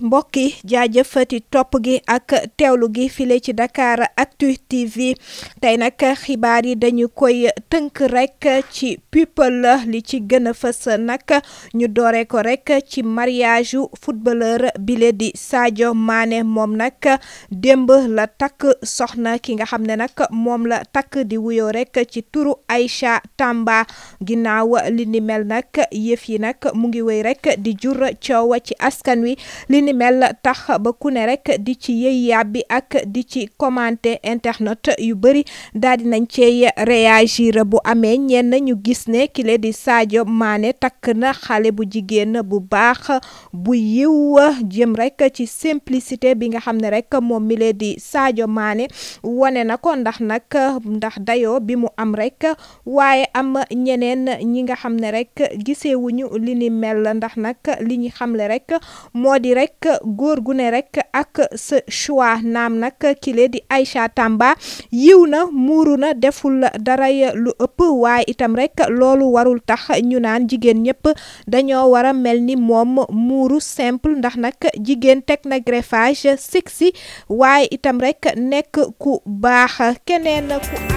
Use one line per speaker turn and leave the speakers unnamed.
mbokk yi jaajëfati topp gi ak teewlu gi file ci Dakar Actu TV tey nag xibaar yi dañu koy tënk rekk ci la li ci gëna fës nag ñu doore ko rekk ci mariyage yu footballeur bile di Sadio Mané moom nag démb la takk soxna ki nga xam ne nag moom la takk di wuyoo rekk ci turu Aïcha Tamba ginnaaw li ni mel nag yëf yi nag mu ngi woy rekk di jur coowa ci askan wi li ni mel tax ba ku ne rek di ci yëy bi ak di ci commenter internet yu bëri daal di nañ cee réagir bu amee ñenn ñu gis ne kile di Sadio Mané takk na xale bu jigéen bu baax bu yiw jëm rek ci simplicité bi nga xam ne rek moom mi lee di Sadio Mané wane na ko ndax nag ndax dayo bi mu am rek waaye am ñeneen ñi nga xam ne rek gisewuñu li ni mel ndax nag li ñu xamle rek moo di rek rek góor gu ne rek ak sa choix naam nag kile di ay Aïcha Tamba yiw na muuru na deful daray lu ëpp waaye itam rek loolu warul tax ñu naan jigéen ñëpp dañoo war a mel ni moom muuru simple ndax nag jigéen teg na greffage sexy waaye itam rek nekk ku baax keneen ku